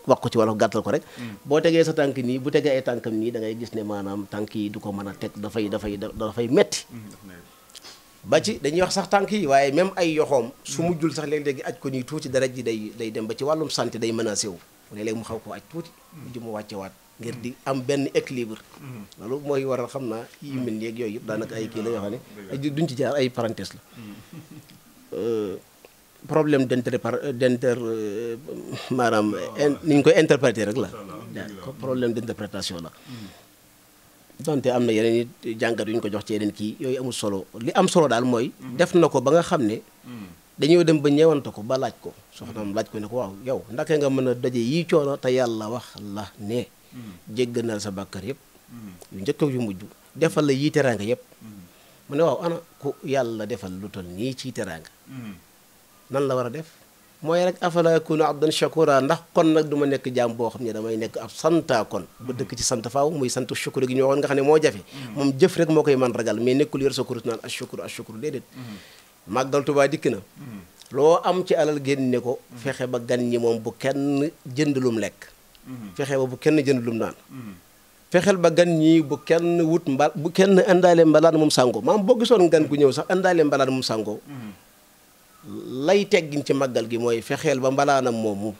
wax ko ci wàllu gàttal ko rek. boo tegee sa tànk nii bu tegee ay tànkam nii da gis ne maanaam tànk yi du ko mën a teg dafay dafay dafay metti ba ci dañuy wax sax tànk yi waaye même ay yoxoom su mujjul sax léeg-léegi aj ko nii tuuti dara ji day day dem ba ci wàllum santé day mën a menacé wu léeg-léeg mu xaw ko aj tuuti mujj mu waat ngir di am benn équilibre mm-hmm. loolu mooy waral xam naa yu mm-hmm. mel nii ak yooyu yëpp daanaka ay kii la yoo xam ne mm-hmm. duñ ci jaar ay parenthèse la euh, problème d'inter par euh, d'inter maanaam ah, ni koy interpréter rek la problème d'interprétation la donte am na yeneen i jàngat yu ñu ko jox ci yeneen kii yooyu amul solo li am solo daal mooy. Mhm. def na ko ba nga xam ne. Mhm. dañoo dem ba ñëwante ko ba laaj ko. soxna soxnaam laaj ko ne ko waaw yow ndaka nga mën a daje yii coono te yàlla wax la ne. Mhm. jégganal sa bàkkar yëpp. yu njëkk yu mujj defal la yii teraanga yëpp. mu ne waaw ana ku yàlla defal lu toll nii ci teraanga. nan la war a def. mooy rek afala yakunu abdan shakura ndax kon nag du ma nekk jaam boo xam ne damay nekk ab santa kon ba dëkk ci sant faaw muy sant shukuru gi ñu waxoon nga xam ne moo jafe mm-hmm. moom jëf rek moo koy man ragal mais nekkul yor sa kurus mm-hmm. dikk na mm-hmm. loo am ci alal génne ko fexe ba gan ñi moom bu kenn jënd lum lekk fexe ba bu kenn jënd lum naan fexeel ba gan ñi bu kenn wut mbal bu kenn indaale mbalaan moom sàngo maam boo gisoon gan ku ñëw sax indaale mbalaan mu sàngo lay teggin ci màggal gi mooy fexeel ba mbalaanam moomu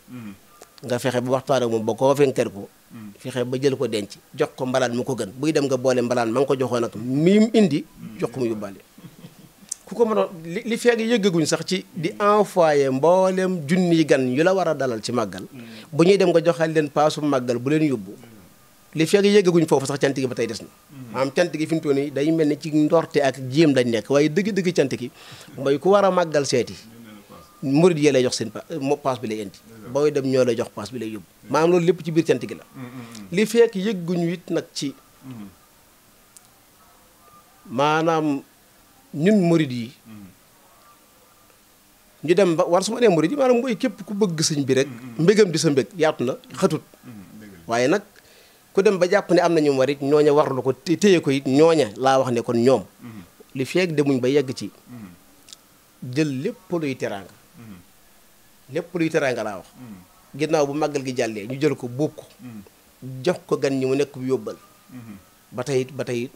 nga fexe ba waxtaan moom ba convaincre ko fexe ba jël ko denc jox ko mbalaan mu ko gën buy dem nga boole mbalaan ma nga ko joxoon ak miim indi jox ko mu yóbbaale ku ko mënoon li li feeg yëggaguñ sax ci di envoyé mboolem junniy gan yu la war a dalal ci màggal mm. bu ñuy dem nga joxal leen paasu màggal bu leen yóbbu li fekk foofu sax cant ba tey des na mm-hmm. maanaam cant gi fi mu toll nii day mel ni ci ndorte ak jéem lañ nekk waaye dëgg-dëgg cant gi mooy ku war a màggal seeti murid yee lay jox seen paas bi lay indi booy dem ñoo lay jox paas bi lay yóbbu lépp ci biir cant gi la
mm-hmm.
li fekk yëgguñu it nag ci mm-hmm. maanaam ñun murid yi ñu dem ba war su ma nee murid yi maanaam mooy képp ku bëgg sëñ bi rek mbégam di sa mbég yaatu na xatut waaye nag ku dem ba jàpp ne am na ñu war it ñooña warlu ko téye ko it ñooña laa wax ne kon ñoom mm-hmm. li feeg demuñ ba yegg ci mm-hmm. jël lépp luy teraanga mm-hmm. lépp luy teraanga laa wax ginnaaw bu màggal gi jàllee ñu jël ko buub ko jox ko gan ñi mu nekk bu yóbbal ba tey ba tey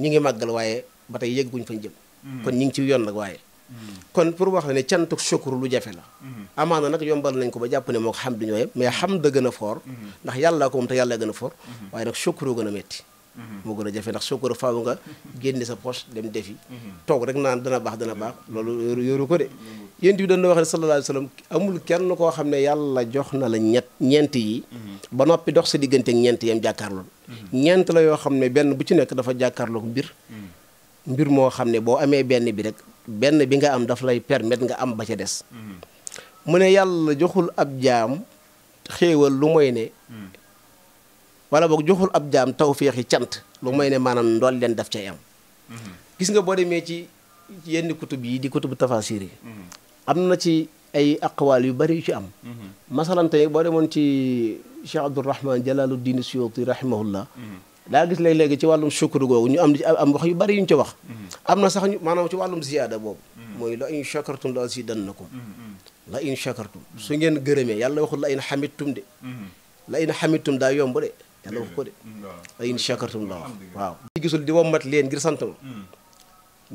ñi ngi màggal waaye ba tey yegguñ fañ jëm kon ñi ngi ci yoon nag waaye kon pour wax la ne cantuk sukkur lu jafe la mm-hmm. amaana nag yombal nañ ko ba jàpp ne moo ko xam du ñoo xam da gën a foor mm-hmm. ndax yàllaa ko moom te yàllaa gën a foor mm-hmm. waaye nag sukkuroo gën a metti moo gën a jafe ndax sukkur faaw a génne sa poche dem defi toog rek naan dana baax dana baax loolu yoru ko de yéen bi dañu koo xam ne yàlla jox na la ñett ñeent yi ba sa diggante ak ñeent yam jàkkaarlool ñeent la yoo xam ne benn bu ci nekk dafa jàkkaarloog mbir mbir moo xam ne boo amee benn bi rek benn bi nga am daf lay permettre nga am ba ca des mu ne yàlla joxul ab jaam xéewal lu mooy ne wala boog joxul ab jaam tawféexi cant lu mooy ne maanaam ndool leen daf cay am gis nga boo demee ci yenn kutub yi di kutub tafasir yi am na ci ay aqwaal yu bari yu ci am masalan tey boo demoon ci Cheikh Abdourahman Jalaaluddin Suyuti rahimahullah daa gis léeg-léegi ci wàllum shukru googu ñu am am wax yu bari yu ñu ci wax am na sax ñu maanaam ci wàllum ziyaada boobu mooy la in shakartum la azidannakum la in shakartum su ngeen gërëmee yàlla waxul la in xamittum de la in xamittum daa yomb de yàlla wax ko de mm-hmm. la in shakartum la wax waaw ñi gisul di wommat leen ngir sant ma mm-hmm.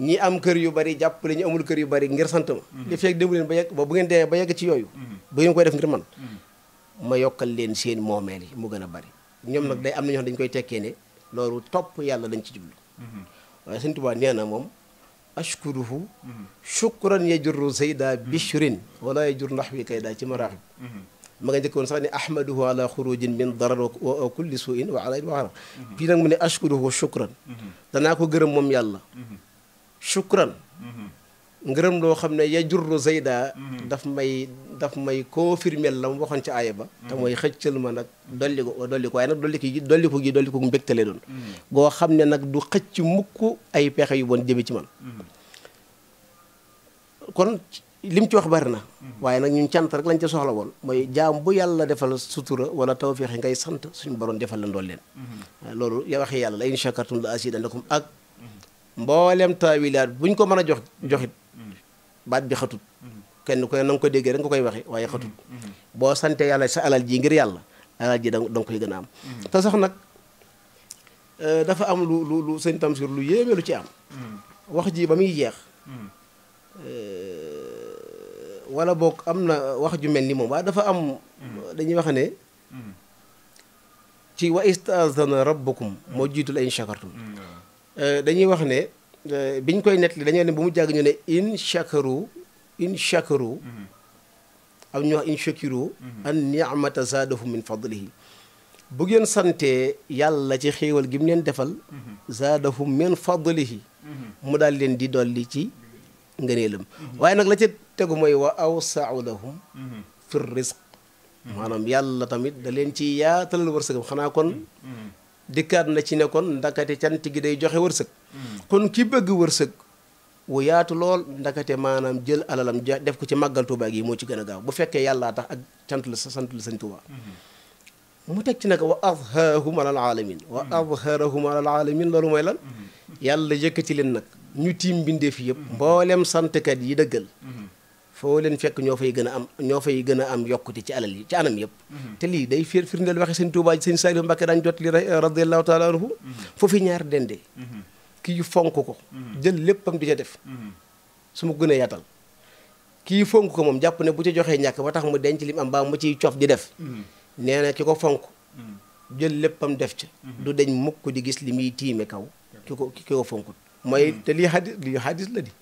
ñi am kër yu bari jàppale ñu amul kër yu bari ngir sant ma mm-hmm. li fekk dému leen ba yegg ba bu ngeen dee ba yegg ci yooyu ba ngeen koy def ngir man ma yokkal leen seen moomeel yi mu gën a bari ñoom nag day am na ñoo xam dañu koy tekkee ne loolu topp yàlla lañ ci jublu mhm. waaye sëñ Tuubaa nee na moom ashkuruhu mhm. shukran yajurru sayda mhm. bishrin wala yajur ndax wi kay daa ci maraaxib ma nga njëkkoon sax ne ahmaduhu ala xurujin min darar wa kulli suin wa ala waxara fii nag mu ne ashkuruhu shukran danaa ko gërëm moom yàlla shukran ngërëm loo xam ne ya yajurru zayda mm-hmm. daf may daf may confirmer la mu waxoon ci aaya ba te mm-hmm. mooy xëccal ma nag dolli ko dolli ko waaye nag dolli ko gi dolli mm-hmm. xam ne nag du xëcc mukk ay pexe yu bon jëme ci man kon lim ci wax bari na waaye nag ñu cant rek lañ ca soxla woon mooy jaam bu yàlla defal sutura wala tawfiix ngay sant suñu borom defal leen dool leen loolu ya waxee yàlla la in shakartum la asidandakum ak mboolem taawilaat buñ ko mën a jox joxit baat bi xatut mm-hmm. kenn ko ne na ko déggee rek nga koy waxe waaye xatut
mm-hmm. Mm-hmm.
boo sante yàlla sa alal ji ngir yàlla alal ji da nga koy gën a am te sax nag euh, dafa am lu lu lu sëñ Tamsir lu yéeme lu ci am wax ji ba muy jeex euh, wala boog am na wax ju mel ni moom waaye dafa am dañuy wax ne ci wa istazana rabbukum moo jiitul ay shakartum euh, dañuy wax ne Euh, biñ koy nettali dañoo ne bu mu jàgg ñu ne in shakaru in shakaru am mhm. ñu wax in shakiru mhm. an ni'mata zaadahu min fadlihi bu ngeen santee yàlla ci xéewal gi mu leen defal mhm. zaadahu min fadlihi mu daal leen di dolli ci ngëneelam waaye nag la ca tegu mooy wa awsa'u lahum fi rizq maanaam yàlla tamit da leen ci yaatalal wërsëgam xanaa kon dikkaat na ci ne kon ndakate cant gi day joxe wërsëg kon ki bëgg wërsëg wu yaatu lool ndakate maanaam jël alalam def ko ci màggal Tuubaa gi moo ci gën a gaaw bu fekkee yàlla tax ak cant la sant la sëñ Tuubaa mu teg ci nag wa azharahum alal alamin wa azharahum alal alamin loolu mooy lan mm-hmm. yàlla yëkkati leen nag ñu tiim mbindeef yëpp mboolem santkat yi dëggal mm-hmm. foo leen fekk ñoo fay gën a am ñoo fay gën a am yokkute ci alal yi ci anam yëpp mhm. te lii day fir firndeel waxe sëñ Tuubaa sëñ Saliou Mbacké daan jot li radiyallahu taala anhu mhm. foofu ñaar dende mhm. kii fonk ko jël léppam di ca def su ma gën a yaatal kii fonk ko moom jàpp ne bu ci joxee ñàkk ba tax mu denc lim am baa mu ciy cof di def nee na ki ko fonk jël léppam def ca du deñ mukk di gis li muy tiime kaw ki ko ki ko fonkut mooy te lii xadis lii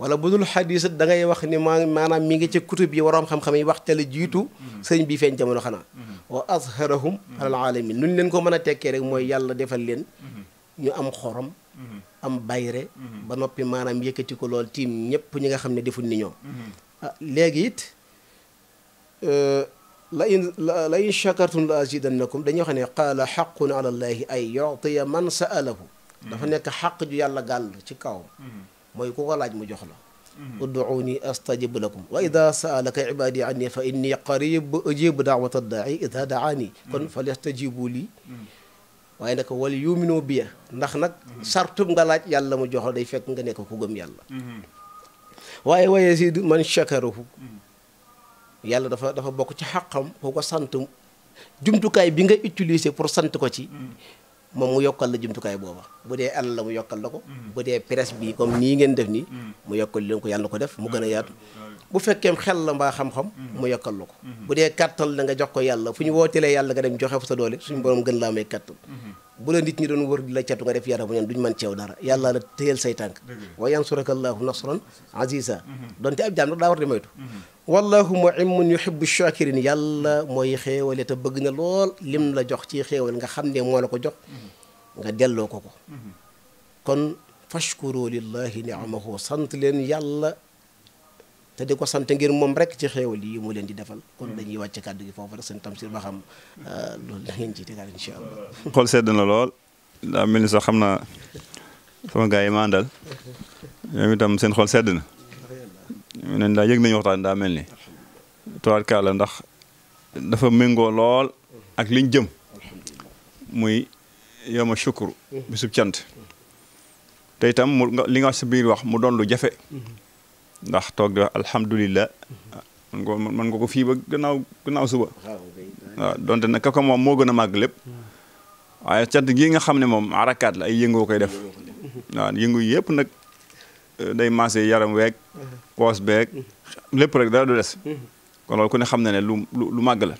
wala bu dul xadis da ngay wax ni maa maanaam mi ngi ci kutub yi waroom xam-xam yi wax te la jiitu sëñ bi feeñ jamono xanaa mhm. wa azharahum alal alamin nu leen ko mën a tekkee rek mooy yàlla defal leen mhm. ñu am xorom mhm. am bayre ba noppi maanaam yëkkati ko lool tiim ñëpp ñi nga xam ne defuñ ni ñoom ah, léegi it euh, la in la in shakartum la azidannakum dañuy wax ne qaala xaqun ala allahi ay yu'tiya man sa'alahu dafa nekk xaq ju yàlla gàll ci kaw mooy ku ko laaj mu jox la mhm. ud'uuni astajib lakum wa ida saalaka ibaadi anni fa inni qarib ujibu daawata daai ida daani mhm. kon fal yastajibu lii mhm. waaye nag wal yuminu biya ndax nag sartub nga laaj yàlla mu jox la day fekk nga nekk ku gëm yàlla waaye wa yazid man shakarahu yàlla dafa dafa bokk ci xàqam ku ko sant jumtukaay bi nga utilise pour sant ko ci moom mu yokkal la jumtukaay booba bu dee àll la mu yokkal la ko hmm. bu dee presse bi comme nii ngeen def nii hmm. mu yokkal leen ko yàlla ko def mu gën a hmm. yàlla nga dem joxe fa sa doole suñu borom gën laa may kàttan bu la nit ñi doon wër di la catu nga def yaramu ñoom duñ mën ceew dara yàlla la téyel say tànk wa yansurakallaahu nasran aziza donte ab jaam daa war di moytu wallahu muimun yuhibbu shakirin yàlla mooy xéewale te bëgg na lool lim la jox ci xéewal nga xam ne moo la ko jox nga delloo ko ko kon fa fashkuru lillahi niamahu sant leen yàlla te di ko sant ngir moom rek ci xéewal yi mu leen di defal kon dañuy wàcc kàddu gi foofu rek seen tamsir ba xam ah, loolu la ngeen ci tegal insha
xool sedd na lool daa mel ni soo xam naa sama gars yi ma àndal ñoom itam seen xool sedd na mu ne daa yëg nañu waxtaan daa mel ni tubaarkaar la ndax dafa méngoo lool ak liñ jëm muy yoma shukru bisub cant te itam mu li nga wax mu doon lu jafe ndax toog di wax alhamdulillah man ko nga ko fii ba gannaaw gannaaw suba waaw donte nag kooku moom moo gën a màgg lépp waaye cant gii nga xam ne moom arakaat la ay yëngoo koy def waaw yëngu yëpp nag Euh, day maase yaram weeg mhm. poos beeg mhm. lépp rek dara du des mhm. kon loolu ku xam na ne lu lu màgg la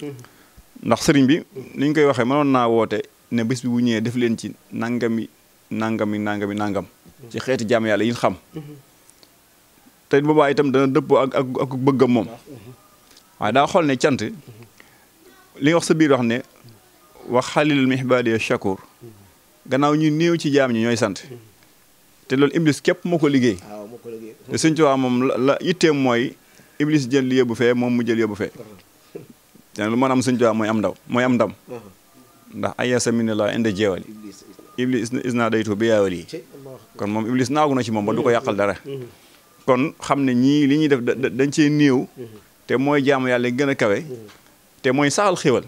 ndax sëriñ bi ni koy waxee mënoon naa woote ne bés bi bu ñëwee def leen ci nangami nangami nangami nangam ci xeeti jaam yàlla yi xam te boobaa itam dana dëppoo ak ak ak bëggam moom waaye daa xool ne cant li wax sa biir wax ne wax xalilul mihbaadiya shakur gannaaw ñu néew ci jaam ñi ñooy sant te loolu iblis képp moo ko liggéey te sëñ Tuubaa moom la itteem mooy iblis jël li yóbbu fee moom mu jël yóbbu fe te lu mën am sëñ Tuubaa mooy am ndaw mooy am ndam ndax ayasa min la inde jeewali iblis is naa daytu bi yaawal yi kon moom iblis naagu na ci moom ba du ko yàqal dara mm-hmm.
Mm-hmm.
kon xam ne ñii li ñuy def dañ cee néew mm-hmm. te mooy jaamu yàlla gën a kawe te mooy saxal xéwal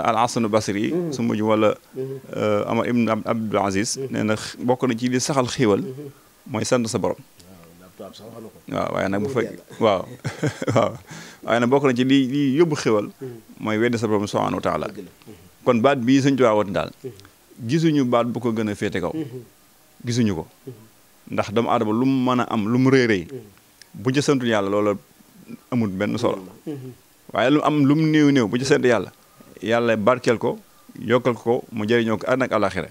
al Hasan Basri mhm. su mujj wala mhm. euh, Amar ibn Abdul Aziz mhm. nee na bokk na ci li saxal xiiwal mooy sant sa borom waaw waaye nag bu fekk waaw waaw waaye nag bokk na ci li li yóbbu xiiwal mooy weddi sa borom subhaanahu wa taala kon baat bii sañ Tuubaa daal gisuñu baat bu ko gën a féete kaw gisuñu ko ndax doomu aadama lu mu mën a am lu mu réeréy bu ca santul yàlla loola amul benn solo waaye lu am lu mu néew néew bu ca sant yàlla yàlla barkeel ko yokkal ko mu jëriñoo ko ànd ak àlaxira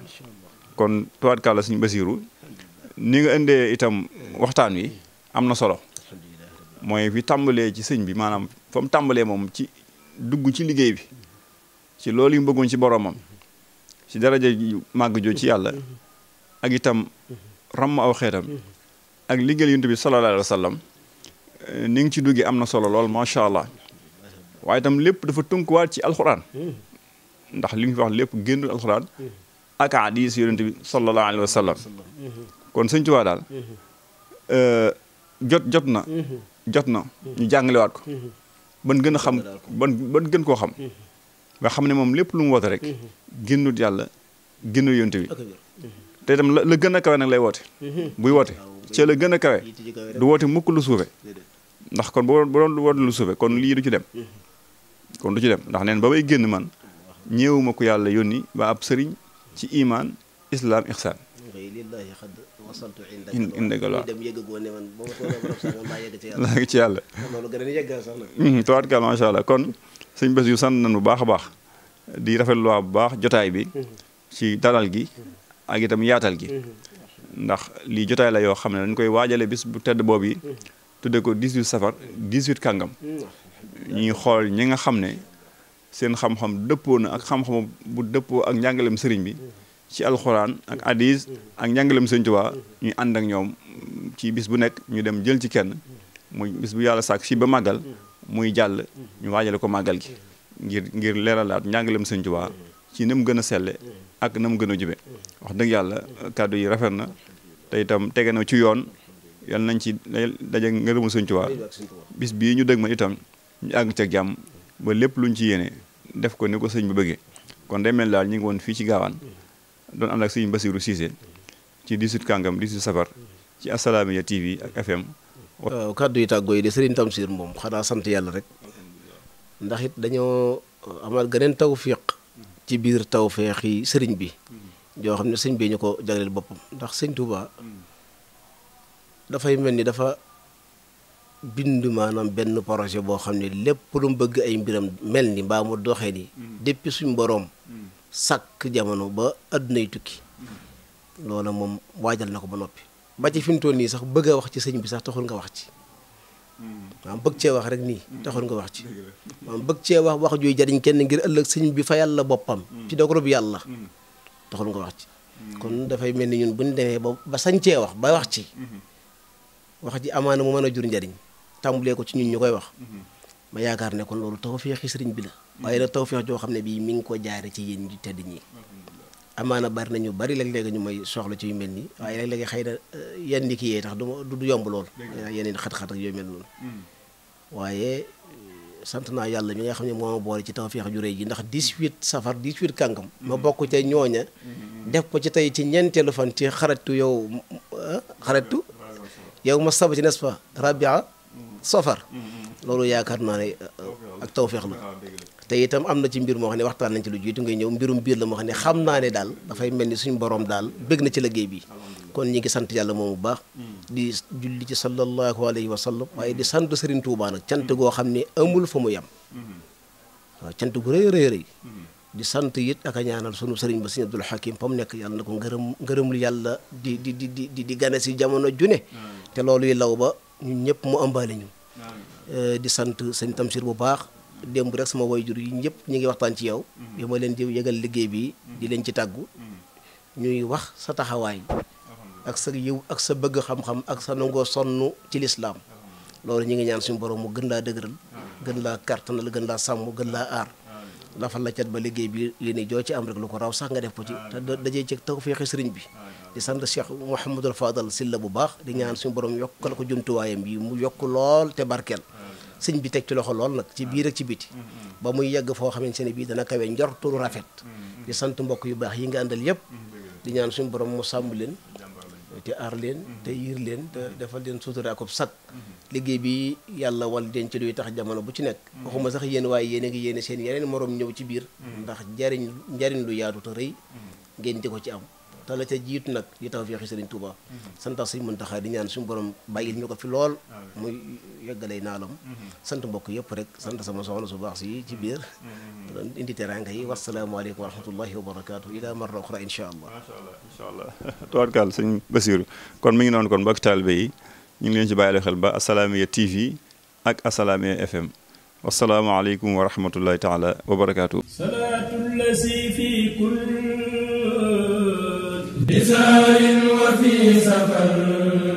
kon tuwaatkàlla suñu basiiru ni nga indee itam waxtaan wi am na solo mooy fi tàmbalee ci sëñ bi maanaam fa mu tàmbalee moom ci dugg ci liggéey bi ci loolu yu bëggoon ci boromam ci daraja màgg joo ci yàlla ak itam ramm aw xeetam ak liggéey yonent bi sallallahu alayhi wa sallam eh, ni nga ci duggee am na solo lool macha allah waaye tam lépp dafa tënkuwaat ci alxuraan hmm. ndax li ñu fi lépp génnul alxuraan hmm. ak hadiis yonent bi sallallahu alayhi wa sallam hmm. kon sëñ Tuubaa daal euh, jot jot na jàngalewaat ko gën a xam ban ban gën koo xam nga xam ne moom lépp lu mu woote rek génnul yàlla génnul yonent bi te itam la gën a kawe nag lay woote buy woote ci la gën a kawe du woote mukk lu suufe ndax kon bu doon lu woote lu suufe kon lii du ci dem kon du ci dem ndax neen ba bay génn man ñëwuma ko yàlla yónni ba ab sëriñ ci imaan islaam ixsaan
indëgala laa ngi ci yàlla
tuwaat kaal macha allah kon sëñ bés yu sant nañu bu baax a baax di rafetlu waa bu baax jotaay bi mm-hmm. ci dalal gi mm-hmm. ak itam yaatal gi
mm-hmm.
ndax lii jotaay la yoo xam ne dañ koy waajale bis bu tedd boobu yi tudde ko 18 safar 18 kàngam ñuy xool ñi nga xam ne seen xam-xam dëppoo na ak xam-xam bu dëppoo ak njàngaleem sëriñ bi ci alxuraan ak hadis ak njàngaleem sëriñ ñu ñuy ànd ak ñoom ci bis bu nekk ñu dem jël ci kenn muy bis bu yàlla sàkk fii ba màggal muy jàll ñu waajale ko màggal gi ngir ngir leeralaat njàngaleem sëriñ ci na mu gën a selle ak na mu gën a jube wax dëgg yàlla kàddu yi rafet na te itam tege na ci yoon yal nañ ci daje ngërëmu sëriñ Tuubaa bis bii ñu dëgg ma itam ñu àgg ca jàmm ba lépp lu ñu ci yéene def ko ni ko sëñ bi bëggee kon day mel daal ñu ngi woon fii ci gaawaan doon ànd ak sëñ Basiru Cissé ci 18 kàngam 18 safar ci Assalaamy TV ak FM. waaw
kàddu yi tàggoo yi de Serigne Tamsir moom xanaa sant yàlla rek ndax it dañoo amal taw tawfiq ci biir taw yi sëriñ bi yoo xam ne sëñ bi ñu ko jagleel boppam ndax sëñ Touba dafay mel ni dafa. bind maanaam benn projet boo xam ne lépp lu mu bëgg ay mbiram mel ni mbaa mu doxee ni mm. depuis suñ boroom mm. sàkk jamono ba addunay tukki
mm.
loola moom waajal na ko ba noppi ba ci fi mu toll nii sax bëgg a wax ci sëñ bi sax taxul nga wax ci maam bëgg cee wax rek nii taxul nga wax ci maam bëgg cee wax wax juy jariñ kenn ngir ëllëg sëñ bi fa yàlla boppam ci dogalu bi yàlla taxul nga wax kon dafay mel ni ñun bu ñu demee ba sañ cee wax ba wax ci mm-hmm. wax ji amaana mu mën a jur njariñ tàmbulee ko ci ñun ñu koy wax mhm. ma yaakaar ne kon loolu tawfeexi sëriñ bi la mhm. waaye nag tawfeex joo xam ne bii mi ngi ko jaare ci yéen ñu tedd ñi amaana bari nañu bari léeg-léeg ñu may soxla ci yu mel nii waaye léeg-léeg xëy na euh, yenn di kii yee tax du du yomb lool yeneen xat-xat ak yu mel noonu mhm. euh, sant naa yàlla mi nga xam ne moo ma boole ci tawfeex ju rëy ji ndax 18 safar 18 kàngam ma bokk ca ñooña def ko ci tey ci ñeenteelu fan ci xaratu yow euh, xaratu yow ma saba ci n'est-ce pas rabia safar mm-hmm. loolu yaakaar naa ne uh, ak tawféex la te itam am na ci mbir moo xam ne waxtaan nañ ci lu jiitu ngay ñëw mbirum biir la moo xam ne xam naa ne daal dafay mel ni suñu borom daal bëgg na ci liggéey bi kon ñi ngi sant yàlla moom bu baax mm-hmm. di julli ci sallallahu alayhi wa sallam waaye di sant Serigne Touba nag cant mm-hmm. goo xam ne amul fa mu yem waaw cant gu rëy rëy di sant it ak a ñaanal sunu sëriñ ba sëriñ Abdul Hakim fa mu nekk yàlla na ko ngërëm ngërëmul yàlla di di di di di gane si jamono june te ñun ñëpp mu ëmbaale ñu eh, di sant sëñ Tamsir bu baax démb rek sama wayjur yi ñëpp ñu ngi waxtaan ci yow mm-hmm. bi ma leen di yëgal liggéey bi di leen ci tàggu mm-hmm. ñuy wax sa taxawaay ak sa yiw ak sa bëgg xam-xam ak sa nangoo sonn ci lislaam loolu ñu ngi ñaan suñu borom mu gën laa dëgëral gën laa kartanal gën laa sàmm gën laa aar lafal la cat ba liggéey bi li ni joo ci am rek lu ko raw sax nga def ko ci te dajee ci tawfeexi sëriñ bi di sant Cheikh Mouhamadul Fadal Silla bu baax di ñaan suñu borom yokkal ko jumtuwaayam yi mu yokk lool te barkeel sëñ bi teg ci loxo lool nag ci biir ak ci biti ba muy yegg foo xamante ne bii dana kawe njortul rafet di sant mbokk yu baax yi nga àndal yëpp di ñaan suñ borom mu sàmm leen te aar leen te yiir leen te defal leen sutura ak sag liggéey bi yàlla wal denc luy tax jamono bu ci nekk waxuma sax yéen waaye yéen ngi yéene seen yeneen moroom ñëw ci biir ndax njariñ njariñ lu yaatu te rëy di ko ci am te la ca jiitu nag di tawfeexi Sëriñ Tuuba santax Sëriñ Muntaxa di ñaan suñu borom bàyyil ñu ko fi lool muy yeggalay naalam sant mbokk yëpp rek sant sama soxna su baax si ci biir yi wasalaamaaleykum wa rahmatullahi wa barakaatu ila marra oxra insha allah macha allah insha allah
tubaarkaal sëñ Basiru kon mi ngi noonu kon mbokk taalibe yi ñu ngi leen ci bàyyi xel ba Assalaamy TV ak Assalaamy FM wasalaamaaleykum wa rahmatullahi taala wa barakaatu
salaatu lasi fi kulli bisaar wa
fi safar